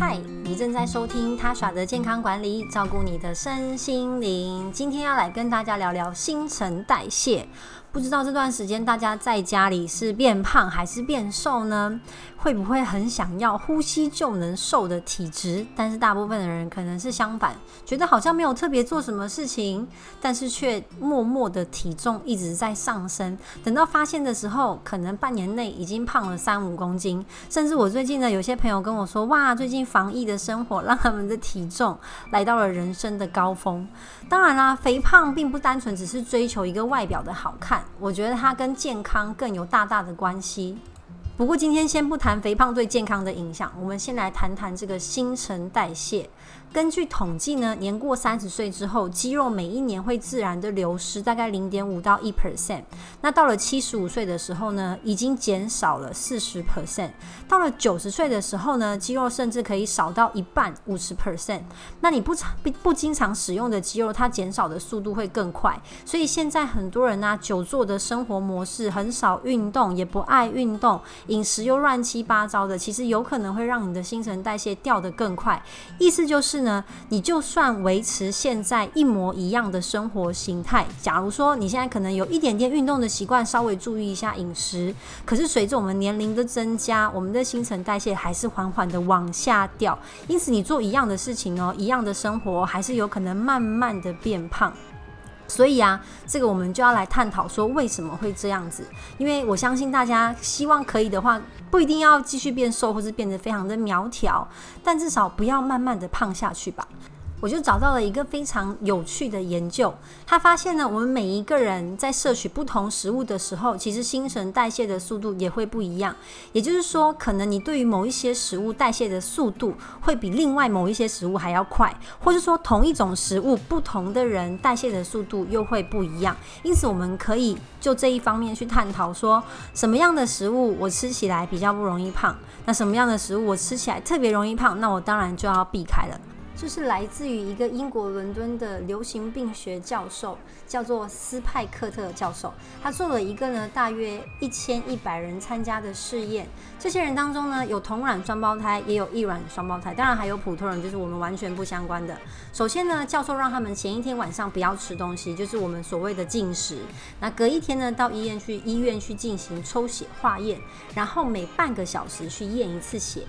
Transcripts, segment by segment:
嗨，你正在收聽 Tasha 的健康管理，照顧你的身心靈。今天要來跟大家聊聊新陳代謝。不知道這段時間大家在家裡是變胖還是變瘦呢？會不會很想要呼吸就能瘦的體質？但是大部分的人可能是相反，覺得好像沒有特別做什麼事情，但是卻默默的體重一直在上升。等到發現的時候，可能半年內已經胖了三五公斤。甚至我最近呢，有些朋友跟我說，哇，最近防疫的生活讓他們的體重來到了人生的高峰。當然啦，肥胖並不單純只是追求一個外表的好看。我覺得它跟健康更有大大的關係。不過今天先不談肥胖對健康的影響，我們先來談談這個新陳代謝。根據統計呢，年過三十歲之後，肌肉每一年會自然的流失大概零點五到一 percent。那到了七十五歲的時候呢，已經減少了四十 percent。到了九十歲的時候呢，肌肉甚至可以少到一半五十 percent。那你不常不不經常使用的肌肉，它減少的速度會更快。所以現在很多人呢、啊，久坐的生活模式，很少運動，也不愛運動。飲食又亂七八糟的，其實有可能會讓你的新陳代謝掉得更快。意思就是呢，你就算維持現在一模一樣的生活形態，假如說你現在可能有一點點運動的習慣，稍微注意一下飲食，可是隨着我們年齡的增加，我們的新陳代謝還是緩緩的往下掉。因此，你做一樣的事情哦，一樣的生活，還是有可能慢慢的變胖。所以啊，這個我們就要來探討說為什麼會這樣子，因為我相信大家希望可以的話，不一定要繼續變瘦，或是變得非常的苗條，但至少不要慢慢的胖下去吧。我就找到了一個非常有趣的研究，他發現呢，我們每一個人在攝取不同食物的時候，其實新陳代謝的速度也會不一樣。也就是說，可能你對於某一些食物代謝的速度會比另外某一些食物還要快，或是說同一種食物不同的人代謝的速度又會不一樣。因此，我們可以就這一方面去探討說，說什麼樣的食物我吃起來比較不容易胖，那什麼樣的食物我吃起來特別容易胖，那我當然就要避開了。就是來自於一個英國倫敦的流行病學教授，叫做斯派克特教授。他做了一個呢，大約一千一百人參加的試驗。這些人當中呢，有同卵雙胞胎，也有異卵雙胞胎，當然還有普通人，就是我們完全不相關的。首先呢，教授讓他們前一天晚上不要吃東西，就是我們所謂的禁食。那隔一天呢，到醫院去醫院去進行抽血化驗，然後每半個小時去驗一次血。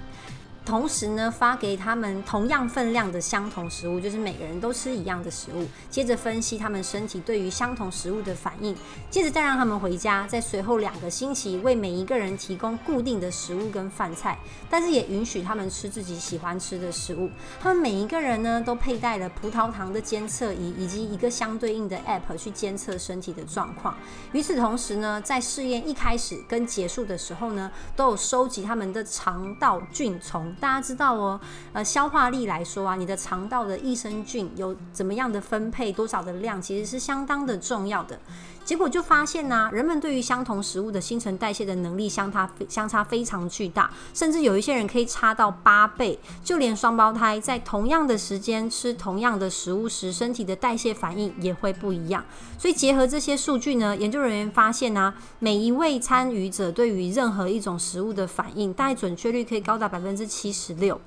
同時呢，發給他們同樣分量的相同食物，就是每個人都吃一樣的食物。接着分析他們身體對於相同食物的反應。接着再讓他們回家，在隨後兩個星期為每一個人提供固定的食物跟飯菜，但是也允許他們吃自己喜歡吃的食物。他們每一個人呢，都佩戴了葡萄糖的監測儀以及一個相對應的 App 去監測身體的狀況。與此同時呢，在試驗一開始跟結束的時候呢，都有收集他們的腸道菌叢。大家知道哦，呃，消化力來說啊，你的腸道的益生菌有怎麼樣的分配，多少的量，其實是相當的重要的。結果就發現呢，人們對於相同食物的新陳代謝的能力相差相差非常巨大，甚至有一些人可以差到八倍。就連雙胞胎在同樣的時間吃同樣的食物時，身體的代謝反應也會不一樣。所以結合這些數據呢，研究人員發現呢，每一位參與者對於任何一種食物的反應，大概準確率可以高達百分之七十六。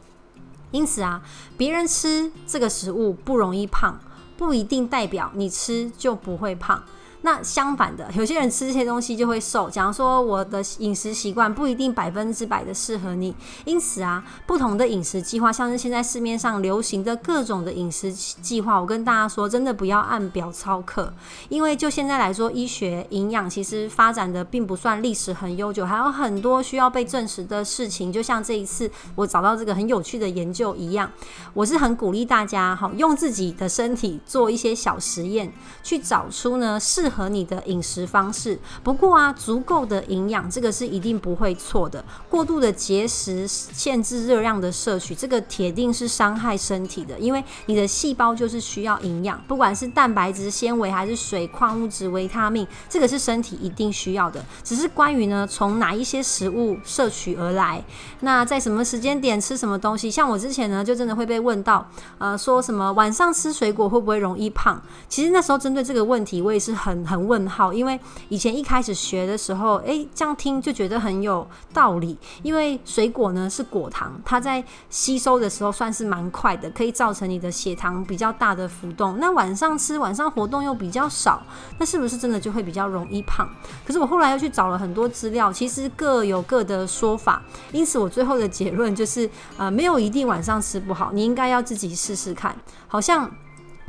因此啊，別人吃這個食物不容易胖，不一定代表你吃就不會胖。那相反的，有些人吃這些東西就會瘦。假如說我的飲食習慣不一定百分之百的適合你，因此啊，不同的飲食計劃，像是現在市面上流行的各種的飲食計劃，我跟大家說，真的不要按表操課。因為就現在來說，醫學營養其實發展的並不算歷史很悠久，還有很多需要被證實的事情。就像這一次我找到這個很有趣的研究一樣，我是很鼓勵大家哈，用自己的身體做一些小實驗，去找出呢適。和你的飲食方式。不過啊，足夠的營養這個是一定不會錯的。過度的節食、限制熱量的攝取，這個鐵定是傷害身體的。因為你的細胞就是需要營養，不管是蛋白質、纖維，還是水、礦物質、維他命，這個是身體一定需要的。只是關於呢，從哪一些食物攝取而來，那在什麼時間點吃什麼東西？像我之前呢，就真的會被問到，呃，說什麼晚上吃水果會不會容易胖？其實那時候針對這個問題，我也是很。很問號，因為以前一開始學的時候，誒，這樣聽就覺得很有道理。因為水果呢是果糖，它在吸收的時候算是蠻快的，可以造成你的血糖比較大的浮動。那晚上吃，晚上活動又比較少，那是不是真的就會比較容易胖？可是我後來又去找了很多資料，其實各有各的說法。因此，我最後的結論就是，啊、呃，沒有一定晚上吃不好，你應該要自己試試看。好像。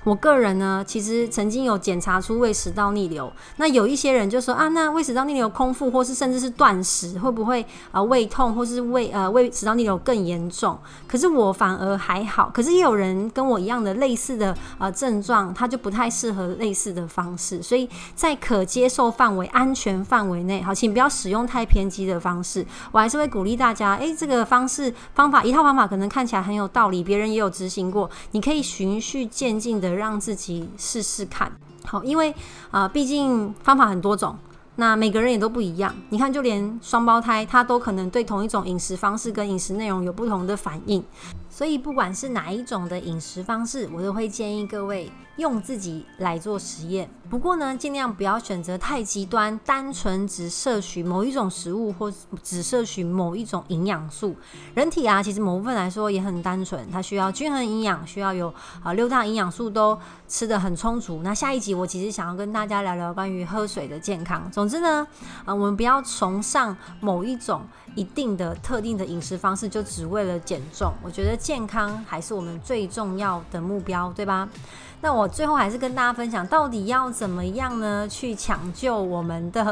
我個人呢，其實曾經有檢查出胃食道逆流。那有一些人就說啊，那胃食道逆流空腹或是甚至是斷食會不會啊胃痛或是胃呃胃食道逆流更嚴重？可是我反而還好。可是也有人跟我一樣的類似的呃症狀，他就不太適合類似的方式。所以在可接受範圍、安全範圍內，好，請不要使用太偏激的方式。我還是會鼓勵大家，哎、欸，這個方式方法一套方法可能看起來很有道理，別人也有執行過，你可以循序漸進的。讓自己試試看好，因為啊、呃，畢竟方法很多種，那每個人也都不一樣。你看，就連雙胞胎，他都可能對同一種飲食方式跟飲食內容有不同的反應。所以，不管是哪一種的飲食方式，我都會建議各位用自己來做實驗。不過呢，盡量不要選擇太極端，單純只攝取某一種食物或只攝取某一種營養素。人體啊，其實某部分來說也很單純，它需要均衡營養，需要有啊、呃、六大營養素都吃得很充足。那下一集我其實想要跟大家聊聊關於喝水的健康。總之呢，啊、呃，我們不要崇尚某一種一定的特定的飲食方式，就只為了減重。我覺得健康還是我們最重要的目標，對吧？那我最後還是跟大家分享，到底要。怎麼樣呢？去搶救我們的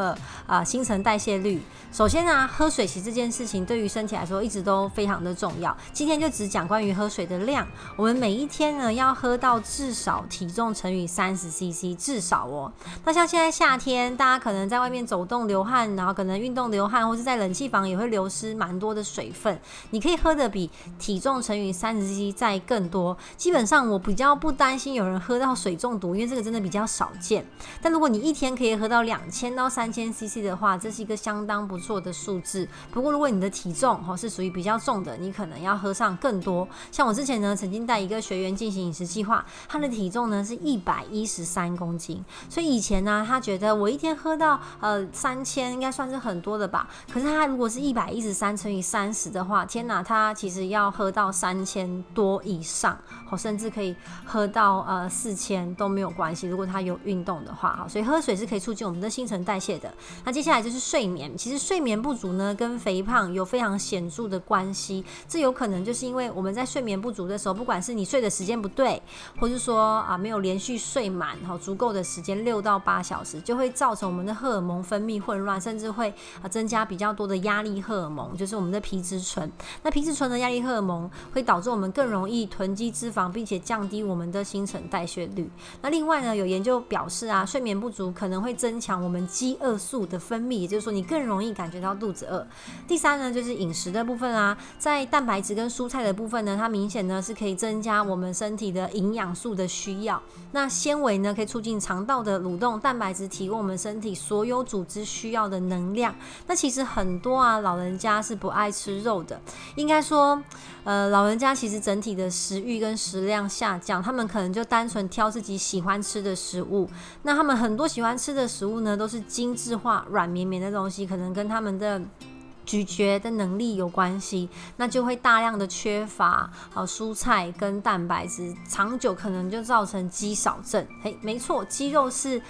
啊、呃、新陳代謝率。首先呢、啊，喝水其實這件事情對於身體來說一直都非常的重要。今天就只講關於喝水的量。我們每一天呢，要喝到至少體重乘以三十 CC，至少哦。那像現在夏天，大家可能在外面走動流汗，然後可能運動流汗，或是在冷氣房也會流失蠻多的水分。你可以喝的比體重乘以三十 CC 再更多。基本上我比較不擔心有人喝到水中毒，因為這個真的比較少見。但如果你一天可以喝到兩千到三千 CC 的話，這是一個相當不錯的數字。不過如果你的體重哦是屬於比較重的，你可能要喝上更多。像我之前呢，曾經帶一個學員進行飲食計劃，他的體重呢是一百一十三公斤，所以以前呢，他覺得我一天喝到呃三千應該算是很多的吧。可是他如果是一百一十三乘以三十的話，天哪，他其實要喝到三千多以上哦，甚至可以喝到呃四千都沒有關係。如果他有運動的話，哈，所以喝水是可以促進我們的新陳代謝的。那接下來就是睡眠，其實睡眠不足呢，跟肥胖有非常顯著的關係。這有可能就是因為我們在睡眠不足的時候，不管是你睡的時間不對，或是說啊沒有連續睡滿哈足夠的時間六到八小時，就會造成我們的荷爾蒙分泌混亂，甚至會啊增加比較多的壓力荷爾蒙，就是我們的皮質醇。那皮質醇的壓力荷爾蒙會導致我們更容易囤積脂肪，並且降低我們的新陳代謝率。那另外呢，有研究表示是啊，睡眠不足可能會增強我們飢餓素的分泌，也就是說你更容易感覺到肚子餓。第三呢，就是飲食的部分啊，在蛋白質跟蔬菜的部分呢，它明顯呢是可以增加我們身體的營養素的需要。那纖維呢可以促進腸道的蠕動，蛋白質提供我們身體所有組織需要的能量。那其實很多啊，老人家是不愛吃肉的，應該說。呃，老人家其實整體的食欲跟食量下降，他們可能就單純挑自己喜歡吃的食物。那他們很多喜歡吃的食物呢，都是精緻化、軟綿綿的東西，可能跟他們的咀嚼的能力有關係。那就會大量的缺乏好、呃、蔬菜跟蛋白質，長久可能就造成肌少症。哎，沒錯，肌肉是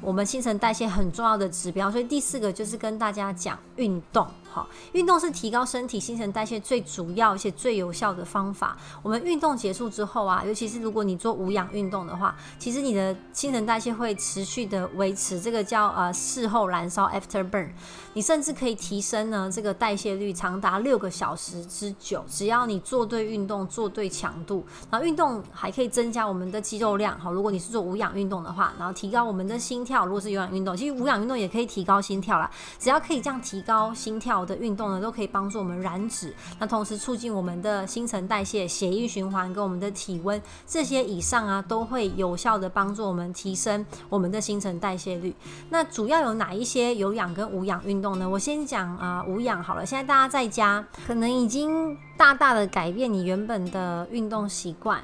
我們新陳代謝很重要的指標，所以第四個就是跟大家講運動，好，運動是提高身體新陳代謝最主要且最有效的方法。我們運動結束之後啊，尤其是如果你做無氧運動的話，其實你的新陳代謝會持續的維持，這個叫呃事後燃燒 （after burn），你甚至可以提升呢這個代謝率長達六個小時之久。只要你做對運動，做對強度，然後運動還可以增加我們的肌肉量，好，如果你是做無氧運動的話，然後提高我們的心。跳，如果是有氧運動，其實無氧運動也可以提高心跳啦。只要可以這樣提高心跳的運動呢，都可以幫助我們燃脂。那同時促進我們的新陳代謝、血液循環跟我們的體溫，這些以上啊，都會有效的幫助我們提升我們的新陳代謝率。那主要有哪一些有氧跟無氧運動呢？我先講啊，呃，無氧好了。現在大家在家可能已經大大的改變你原本的運動習慣。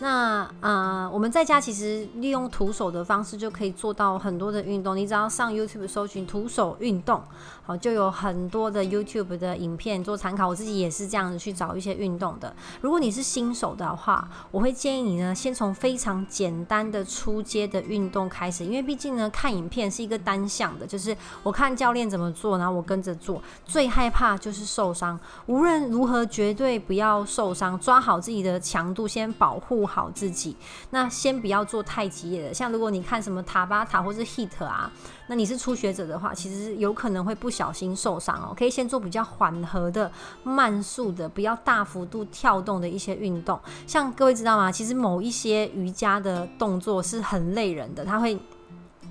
那啊、呃、我們在家其實利用徒手的方式就可以做到很多的運動。你只要上 YouTube 搜尋徒手運動，好，就有很多的 YouTube 的影片做參考。我自己也是這樣子去找一些運動的。如果你是新手的話，我會建議你呢，先從非常簡單的初階的運動開始，因為畢竟呢，看影片是一個單向的，就是我看教練怎麼做，然後我跟着做。最害怕就是受傷，無論如何絕對不要受傷，抓好自己的強度，先保護。好自己，那先不要做太激烈的。像如果你看什麼塔巴塔或是 hit 啊，那你是初學者的話，其實有可能會不小心受傷哦。可以先做比較緩和的、慢速的、不要大幅度跳動的一些運動。像各位知道嗎？其實某一些瑜伽的動作是很累人的，它會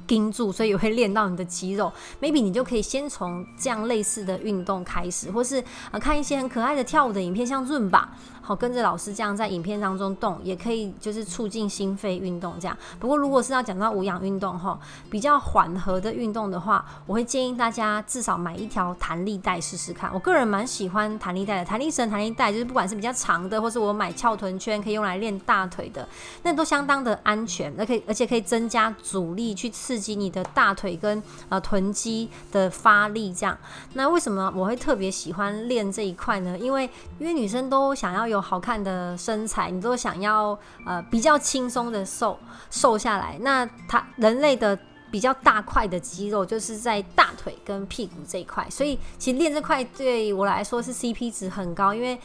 盯住，所以也會練到你的肌肉。Maybe 你就可以先從這樣類似的運動開始，或是啊、呃、看一些很可愛的跳舞的影片，像潤吧。好，跟着老師這樣在影片當中動，也可以就是促進心肺運動這樣。不過如果是要講到無氧運動，吼，比較緩和的運動的話，我會建議大家至少買一條彈力帶試試看。我個人蠻喜歡彈力帶的，彈力繩、彈力帶，就是不管是比較長的，或是我買翹臀圈可以用來練大腿的，那都相當的安全，而且而且可以增加阻力去刺激你的大腿跟呃臀肌的發力這樣。那為什麼我會特別喜歡練這一塊呢？因為因為女生都想要有。好看的身材，你都想要呃比較輕鬆的瘦瘦下來，那他人類的，比較大塊的肌肉就是在大腿跟屁股這一塊，所以其實練這塊對我來說是 CP 值很高，因為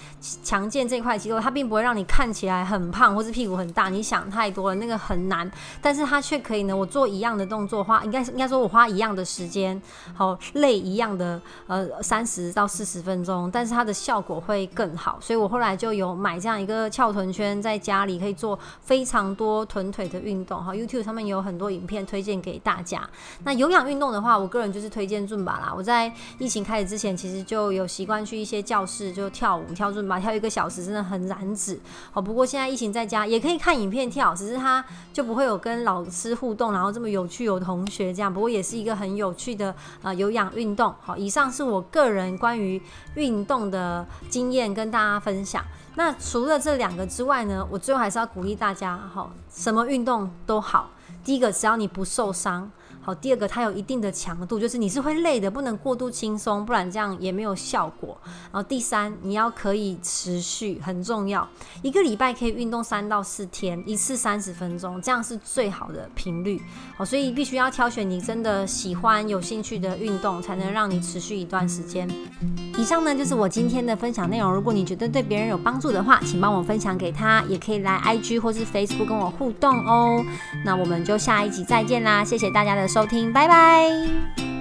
強健這塊肌肉，它並不會讓你看起來很胖或是屁股很大。你想太多了，那個很難，但是它卻可以呢。我做一樣的動作，花應該應該說我花一樣的時間，好累一樣的呃三十到四十分鐘，但是它的效果會更好。所以我後來就有買這樣一個翹臀圈，在家裡可以做非常多臀腿的運動。好，YouTube 上面有很多影片推薦給大。大家，那有氧運動的話，我個人就是推薦尊巴啦。我在疫情開始之前，其實就有習慣去一些教室就跳舞、跳尊巴，跳一個小時真的很燃脂。好，不過現在疫情在家也可以看影片跳，只是它就不會有跟老師互動，然後這麼有趣有同學這樣。不過也是一個很有趣的啊、呃、有氧運動。好，以上是我個人關於運動的經驗跟大家分享。那除了這兩個之外呢，我最後還是要鼓勵大家，好，什麼運動都好。第一個，只要你不受傷。好，第二個，它有一定的強度，就是你是會累的，不能過度輕鬆，不然這樣也沒有效果。然後第三，你要可以持續，很重要，一個禮拜可以運動三到四天，一次三十分鐘，這樣是最好的頻率。好，所以必須要挑選你真的喜歡、有興趣的運動，才能讓你持續一段時間。以上呢就是我今天的分享內容。如果你覺得對別人有幫助的話，請幫我分享給他，也可以來 IG 或是 Facebook 跟我互動哦。那我們就下一集再見啦，謝謝大家的收聽，拜拜。